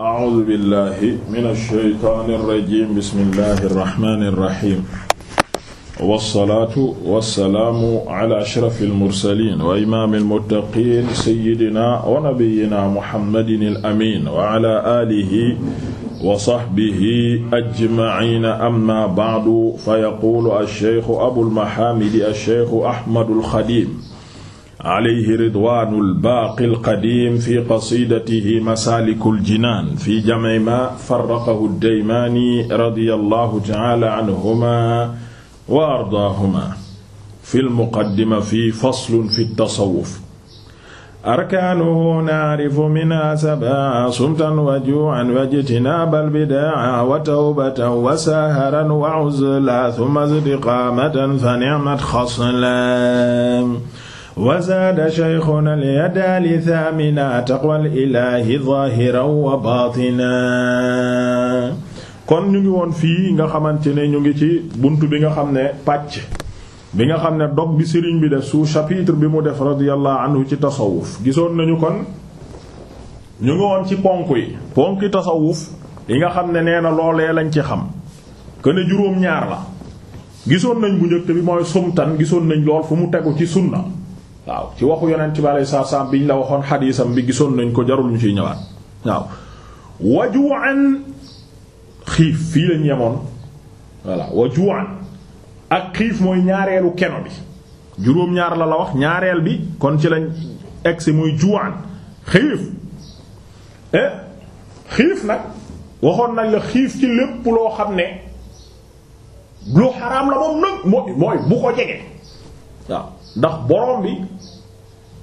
أعوذ بالله من الشيطان الرجيم بسم الله الرحمن الرحيم والصلاة والسلام على أشرف المرسلين وإمام المتقين سيدنا ونبينا محمد الأمين وعلى آله وصحبه أجمعين أما بعد فيقول الشيخ أبو المحامد الشيخ أحمد الخديم alayhi ridwanu lbaaqi alqadim fi qasidatihi masaliku ljinaan fi jamci ma faraqahu ddaymaani radia allahu taala anhuma wa ardaahuma fi lmuqaddima fi faslun fi tasawuf arkaanuhu naarifu minha sab'a sumtan wa juu'an wa jtinaabal bidaa'a wa tawbatan wa saharan wa uzla thumma istiqaamatan fa ni'mat xaslan wa zaada shaykhuna al-yadaali thaamina taqwal ilaahi zaahiran wa baatinan kon ñu ngi woon fii nga xamante ne ñu ngi ci bunt bi nga xam ne pàcc bi nga xam ne dog bi sëriñ bi def sous chapitre bi mu def radiyallahu anhu ci tasawuf gisoon nañu kon ñu ngi woon ci ponk yi ponki tasawuf yi nga xam ne nee na loolee lañ ci xam ne juróom-ñaar la gisoon nañ bu njëkk bi mooy sumtan gisoon nañ lool fu mu tegu ci sunna waaw ci waxu yonent bi alayhi salaatu salaam biñ la waxoon xadiisam bi gisoon nañ ko jarul ñu ciy ñëwaat waaw wajuwaan xiif fii lañ yemoon voilà wajuwaan ak xiif mooy ñaareelu keno bi juróom-ñaar la la wax ñaareel bi kon ci lañ egsi muy juwaan xiif eh xiif nag waxoon nañ la xiif ci lépp loo xam ne lu xaraam la moom nag mooy mooy bu ko jege waaw ndax borom bi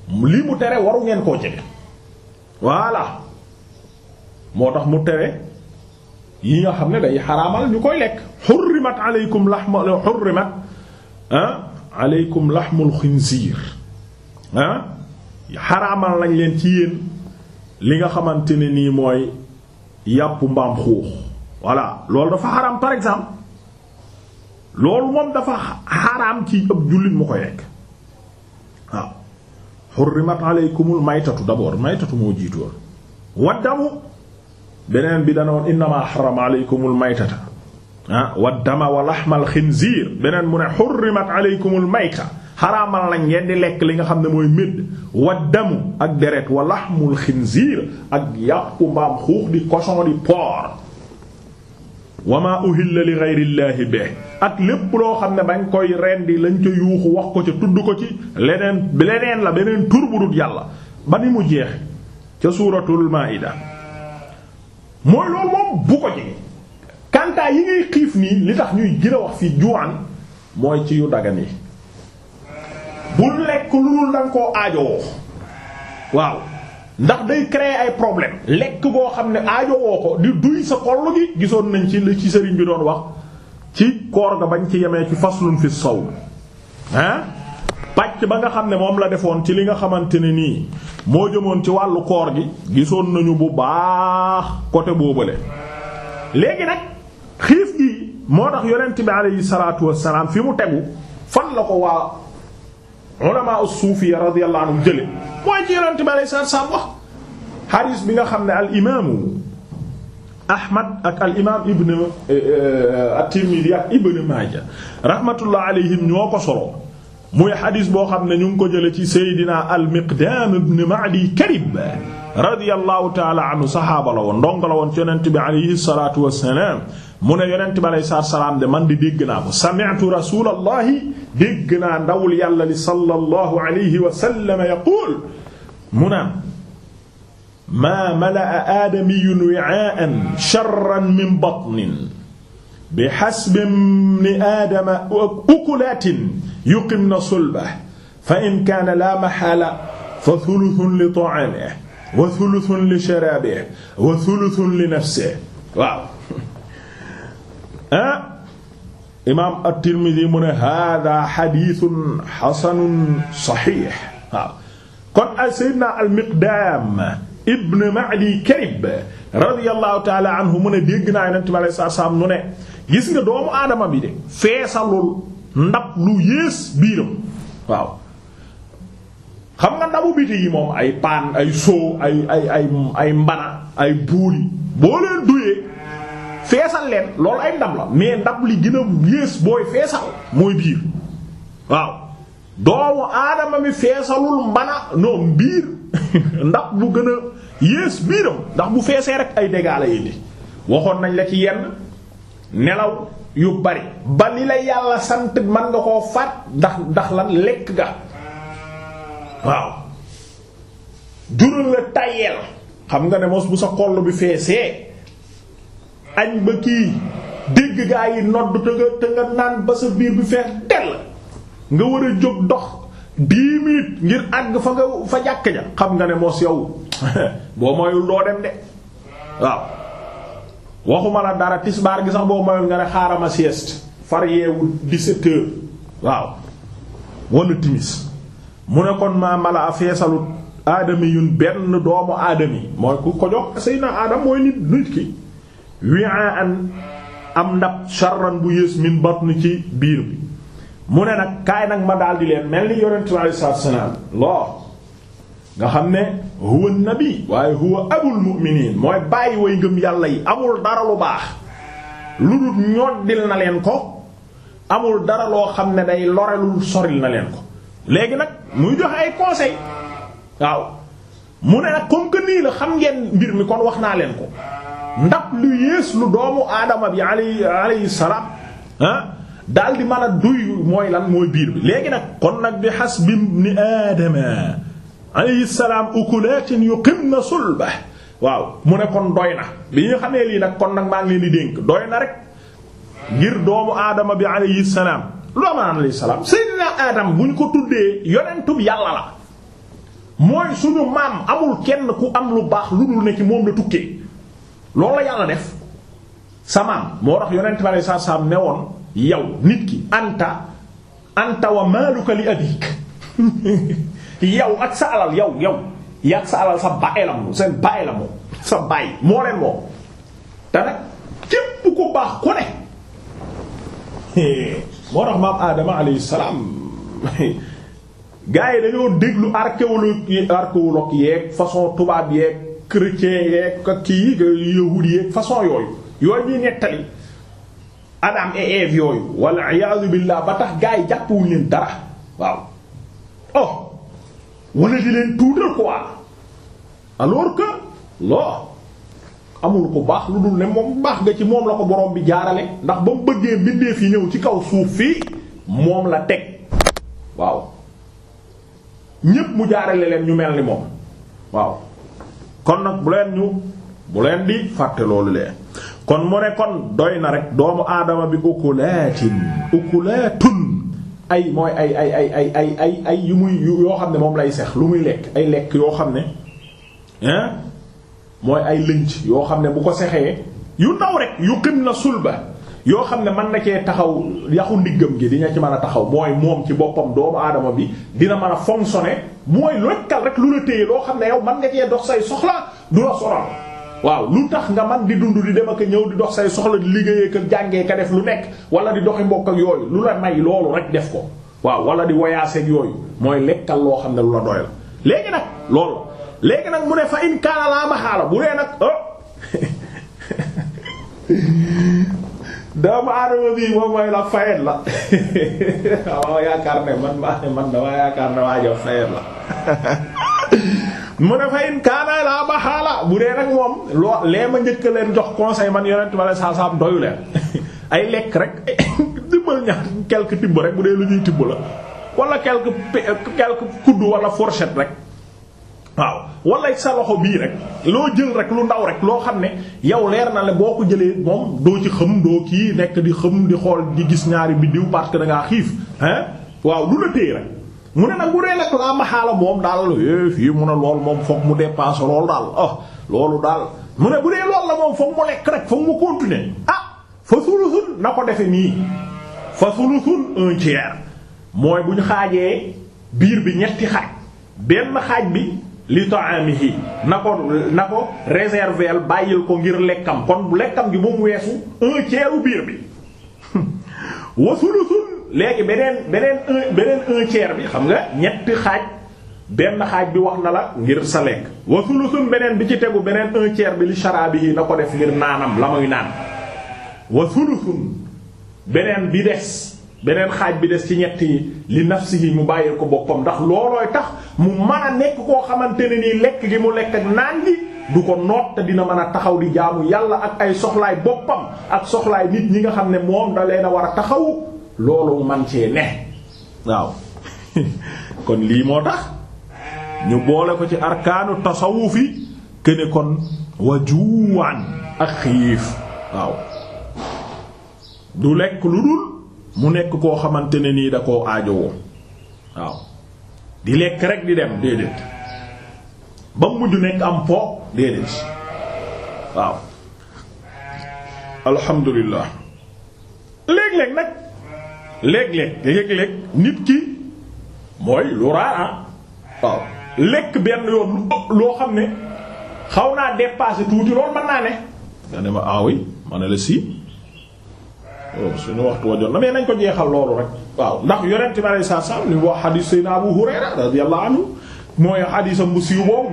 lii mu tere waru ngeen koo jege voilà moo tax mu tere yi nga xam ne day xaraamal ñu koy lekk xurrimat aleykum lahma xurrimat ah aleykum lahmul xinziir ah xaraamal nañ leen ci yéen li nga xamante ne nii mooy yàpp mbaam xuux voilà loolu dafa xaraam par exemple loolu moom dafa xaraam ci ab jullit mu koy lekk xurrimat aleykumul maytatu d'abord maytatu moo jiitoon waddamu beneen bi danoon innama xarama aleykumul maytata ah waddama wa laxmal xinziir beneen mu ne xurrimat aleykumul mayta xaraamal lañ ngeen di lekk li nga xam ne mooy médd waddamu ak deret wa laxmul xinziir ak yàppu mbaam xuux di cochon di porc wama uhilla li ghayrillaahi be ak lépp loo xam ne bañ koy rendi lañ ca yuuxu wax ko ca tudd ko ci leneen leneen la beneen tur bu dut yàlla ba ni mu jeex ca suuratul maa'ida mooy loolu moom bu ko jege kantaa yi ngay xiif nii li tax ñuy gën wax fi juwaan mooy ci yu dagan yi bu lekk lu dul danga koo aajowoo waaw ndax day créer ay problème lekk goo xam ne aajo ko di duy sa xollu gi gisoon nañ ci li ci sëriñ bi doon wax ci koor ga bañ ci yemee ci faslun fi sawm ah pàcc ba nga xam ne moom la defoon ci li nga xamante ne nii moo jëmoon ci wàllu koor gi gisoon nañu bu baax côté boobale léegi nag xiif gi moo tax yonent bi aleyhi salaatu wassalaam fi mu tegu fan la ko waa ulama as-sufi radiyallahu anhu jële mooy ci yonent bi alayhi salaatu wax xadiis bi nga xam ne al imaamu Ahmad ak al imaam Ibn eh, eh, at-Tirmidhi ak Ibn Maaja rahmatullah ñoo ko solo muy xadiis boo xam ne ñu ngi ko jëlee ci Seydina al-Miqdaam ibn Ma'di Karib radiyallahu taala anhu saxaaba la woon ndongo la woon ci yonent bi alayhi salaatu wassalaam mu ne yonent bi alayhi salaatu wassalaam de man di dégg naa ko sami'tu rasulallahi dégg naa ndawul yàlla li sallallahu alayhi wa sallam yaquul mu naan maa mala'a aadamiyun wi'aa'an sharran min batnin bi hasbi ibni aadama ukulaatin yuqimna sulbahu fa in kaana laa mahaala fa thuluthun li ta'aamihi wa thuluthun li sharabihi wa thuluthun li nafsihi waaw ah imaam at-Tirmidhi mu ne hada xadithun xasanun saxix waaw kon ay sayyidina al-Miqdaam ibn Ma'di Karib radiyallahu taala anhu mu ne dégg naa yonent bi alayhi salaam nu ne gis nga doomu aadama bi de feesalul ndab lu yées biiram waaw ndabu biti yi moom ay paan ay soo ay ay ay ay mbana boo leen duyee feesal leen ay ndab la li gën a yées booy feesal mooy biir waaw doomu aadama mi feesalul mbana gën a yées biiram ndax mu feesee rek ay dégâts la waxoon nañ la ci yenn nelaw yu bari ba li la yàlla sant mën nga koo faat ndax lan lekk ga waaw jural la tayeel xam nga ne mos bu sa xol bi feesee añ ba kii dégg gaa yi nodd te nga te nga naan ba sa biir bi fees dell nga wër a jóg dox dix minutes ngir àgg fa nga fa jàkk ja xam nga ne mos yow boo moyul doo dem de waaw waxuma la dara tisbaar gi sax boo moyul nga ne xaaral ma sieste far yeewu 17 heures waaw wala timis mu ne kon maa mala a feesalut aadami yun benn doomu aadami mooy ku ko jox sëy na aadam mooy nit nit ki wi an am ndab charran bu yées min batn ci biir bi mu ne nag kaay nag ma daal di leen mel ni yonente bi alei salaatu loo nga xam ne huwa nabi waaye huwa abul mu'minin mooy bàyyi way ngëm yàlla yi amul dara lu baax lu dul ñoddil na leen ko amul dara loo xam ne day lorelul soril na leen ko léegi nag muy jox ay conseil waaw mu ne nag comme que nii la xam ngeen mbir mi kon wax naa leen ko ndax lu yées lu doomu aadama bi alayhi alayhi salaam ah daal di mën a duy mooy lan mooy biir bi léegi nag kon nag bi hasbi ibni aadama alayhi salaam ukulatin yuqimna sulba waaw mu ne kon doy na bi ñu xamee lii nag kon nag maa ngi leen dénk doy na rek ngir doomu aadama bi alayhi salaam lu amaan alayhi salaam seydina adam bu ñu ko tuddee yonentum yàlla la mooy suñu maam amul kenn ku am lu baax lu dul ne ci moom la tukkee loolu la yàlla def sa maam moo tax yonent bi nit ki anta anta wa yow ak sa alal yow yow yaa ak sa alal sa seen baay la sa baay moo leen moom te nag képp ku baax ku ne moo tax maam Adama alayhi salaam gars yi dañoo déglu archéologue archéologue façon tubaab yeeg chrétien yeeg kii yahud yeeg façon yooyu yooyu ñuy nettali Adam et Ève yooyu walla iyaazu billaah ba tax gars yi jàppuwuñ leen dara waaw oh wala di leen tuutal quoi alors que loo amul ku baax lu dul ne moom baax nga ci moom la ko borom bi jaarale ndax ba mu bëggee mbindeef yi ñëw ci kaw suuf fii moom la teg waaw ñépp mu jaarale leen ñu mel ni moom waaw kon nag bu leen ñu bu leen di fàtte loolu lee kon mu ne kon doy na rek doomu aadama bi ukulaatin ukulaatun ay mooy ay ay ay ay ay ay ay yu muy yoo xam ne moom lay sex lu muy lekk ay lekk yoo xam ne hein mooy ay lënc yoo xam ne bu ko sexee yu ndaw rek yu xim na sulba yoo xam ne man na cee taxaw yaxu ndiggam gi di dina ci mën a taxaw mooy moom ci boppam doomu aadama bi dina mën a fonctionner mooy lokkal rek lu la téye loo xam ne yow man nga cee dox say soxla du la sonal waaw lu tax nga man di dund di dem ak ñëw di dox say soxla di liggéeyee kër jàngee ka def lu nekk wala di doxi mbokk ak yooyu lu la may loolu rek def ko waaw wala di woyaase ak yooyu mooy lekkal loo xam ne lu la doy la léegi léegi nag mu ne fa in kaana laa maxaala bu dee nag oh doomu aadama bii moom mooy la fayet la yaakaar ne man maa mu ne fa in kaana laa maxaala bu dee nag moom loo lee ma njëkk leen jox conseil man yonent ma la saa saam doyu leen ay lekk rek dimbal ñaar quelque tibb rek bu dee lu ñuy tibb la wala quelque quelque kuddu wala fourchette rek. waaw wala sa loxo bii rek loo jël rek lu ndaw rek loo xam ne yow leer na le boo ko jëlee moom doo ci xëm doo kii nekk di xëm di xool di gis ñaari biddiw parce que da xiif hein waaw lu la téye rek mu ne nag bu dee nag laa moom daal eh, mu ne lool moom foog mu dépense loolu daal o oh, loolu daal mu ne bu dee lool la moom foog mu lekk rek foog mu continuer ah fa sulusun na ko defe nii fa sulusun un tiers mooy bu ñu xaajee biir bi ñetti xaaj benn xaaj bi li ta'amihi na ko na ko réserver bàyyil ko ngir lekkam kon lekkam gi moom weesu un biir bi wa sulusun léegi beneen beneen beneen un bi xam nga ñetti xaaj benn xaaj bi wax na la ngir sa lekk wa sulusun beneen bi ci tegu beneen un bi li sharabihi na ko def ngir naanam la muy naan wa sulusun beneen bi des beneen xaaj bi des ci ñett yi li nafsihi mu bàyyil ko boppam ndax loolooy tax mu mën a nekk koo xamante ne nii lekk gi mu lekk ak naan gi du ko noot te dina mën a taxaw di jaamu yàlla ak ay soxlaay boppam ak soxlaay nit ñi nga xam ne moom da leen a war a taxaw loolu man cee ne waaw kon lii moo tax ñu boole ko ci arkaanu fi këne kon wajuwaan ak xiif waaw du lekk lu dul mu nekk koo xamante ne nii da koo aajowoo waaw di lekk rek di dem déedéet ba mujj nekk am po déedéet waaw alhamdulilah léeg-léeg nag léeg nit ki mooy lu raara ah. waaw lekk benn yoon loo xam ne xaw naa dépasser tuuti loolu mën naa ne nga ma ah oui la si Oh, suñu waxtu wajoon na mais nañ ko jeexal loolu rek waaw ndax yonent bi alei sat salaam li mu wax xadiis Seydina Abu Hurayra bi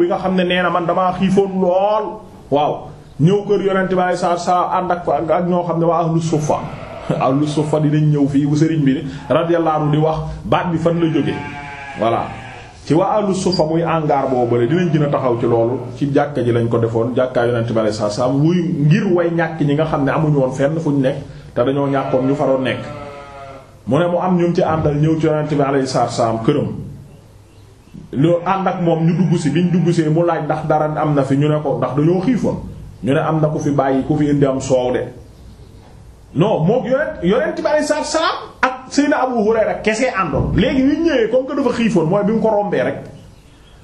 nga xam ne nee na man damaa xiifoon lool waaw ñëw kër yonent bi alei sat salaam ànd ak ak ñoo xam ne waa ahlu suffa ahlu suffa dinañ ñëw fii bu sëriñ bi ni radiyallahu anhu di wax baat bi fan la jóge voilà ci waa ahlu suffa muy angaar boobu bële dinañ gën a taxaw ci loolu ci jàkka ji lañ ko defoon jàkkaa yonent bi alei sat salaam muy ngir way ñàkk ñi nga xam ne amuñu woon fenn fuñ nekk te dañoo ñàkkoon ñu faroon nekk mu ne mu am ñun ci àndal ñëw ci yonent bi alayhi salaam këram lu ànd ak moom ñu dugg si biñ dugg see mu laaj ndax dara am na fi ñu ne ko ndax dañoo xiifoon ñu ne am na ku fi bàyyi ku fi indi am soow de non moog yonent yonent bi alayhi salaam ak Seydina Abu Hurayra kese àndoon léegi ñu ñëwee comme que dafa xiifoon mooy bi mu ko rombee rek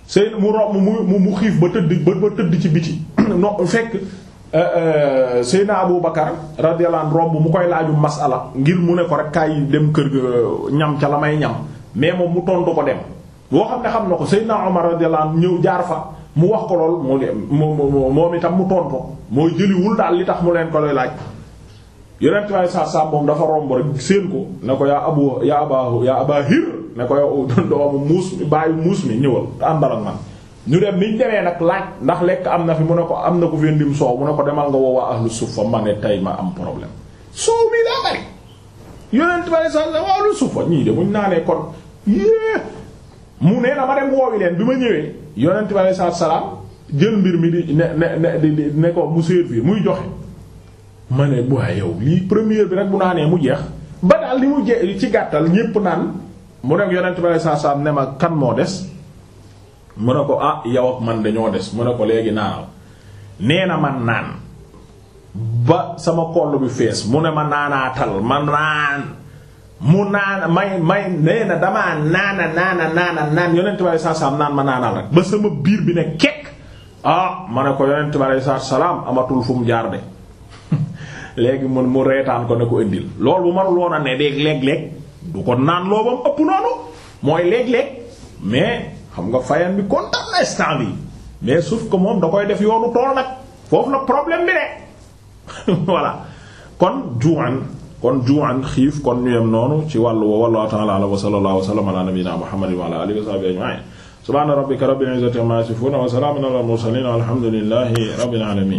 Seydina mu romb mu mu xiif ba tëdd ba tëdd ci biti non fekk Euh, euh, Seyna Abu Bakar radiyallahu anhu romb mu koy laaju masala ngir mu ne ko rek kaay dem kër ga euh, ñam ca la may ñam mais moom mu tontu ko dem boo xam ne xam na ko Seyna Omar jaar fa mu wax ko lool moo itam mu tontu mooy jëliwul li tax mu leen ko lay laaj romb rek ko ne ko abu yaa abaa yaa abaa hir ne ko doomu muus mi bàyyi muus mi ñëwal te àndal man. ñu dem niñ demee nag laaj ndax lekk am na fi mu ne ko am na ko fi soow mu ne ko demal nga woowaa ahlu suffa ma ne tey ma am problème soow mi daa bari yonent bari sa waa ahlu suffa ñii de muñ naa ne kon yée mu nee na ma dem woowi leen bi ma ñëwee yonent bari sa salaam jël mbir mi di ne ne di ne ko mu servir muy joxe ma ne bu yow lii première bi rek bu naanee mu jeex ba daal li mu jeex ci gàttal ñépp naan mu dem yonent bari sa ne ma kan moo des mu ne ko ah yow ak man dañoo des mu ne ko léegi naanal nee na man naan ba sama koll bi fees mu ne ma naanaatal ma naan mu naana may may nee na damaa naana naana naana naan yonent bi alayhi salaam naan ma naanal rek ba sama biir bi ne kekk ah ma ne ko yonent bi alayhi salaam amatul fu mu jaar de léegi mu mu reetaan ko ne ko indil loolu bu manul woon a ne léeg-léeg du ko naan loo ba mu ëpp noonu mooy léeg-léeg mais. xam nga fayam bi kontaan na instant bi mais sauf que moom da koy def yoonu tool nag foofu la problème bi de voilà kon juan kon juan xiif kon ñu yem noonu ci wàllu wa wallahu ta'ala ala wa sallallahu wa sallam ala nabiyyina muhammadin wa ala alihi wa sahbihi ajma'in subhana rabbika rabbil izzati amma yasifun wa salamun ala mursalin alhamdulillahi rabbil alamin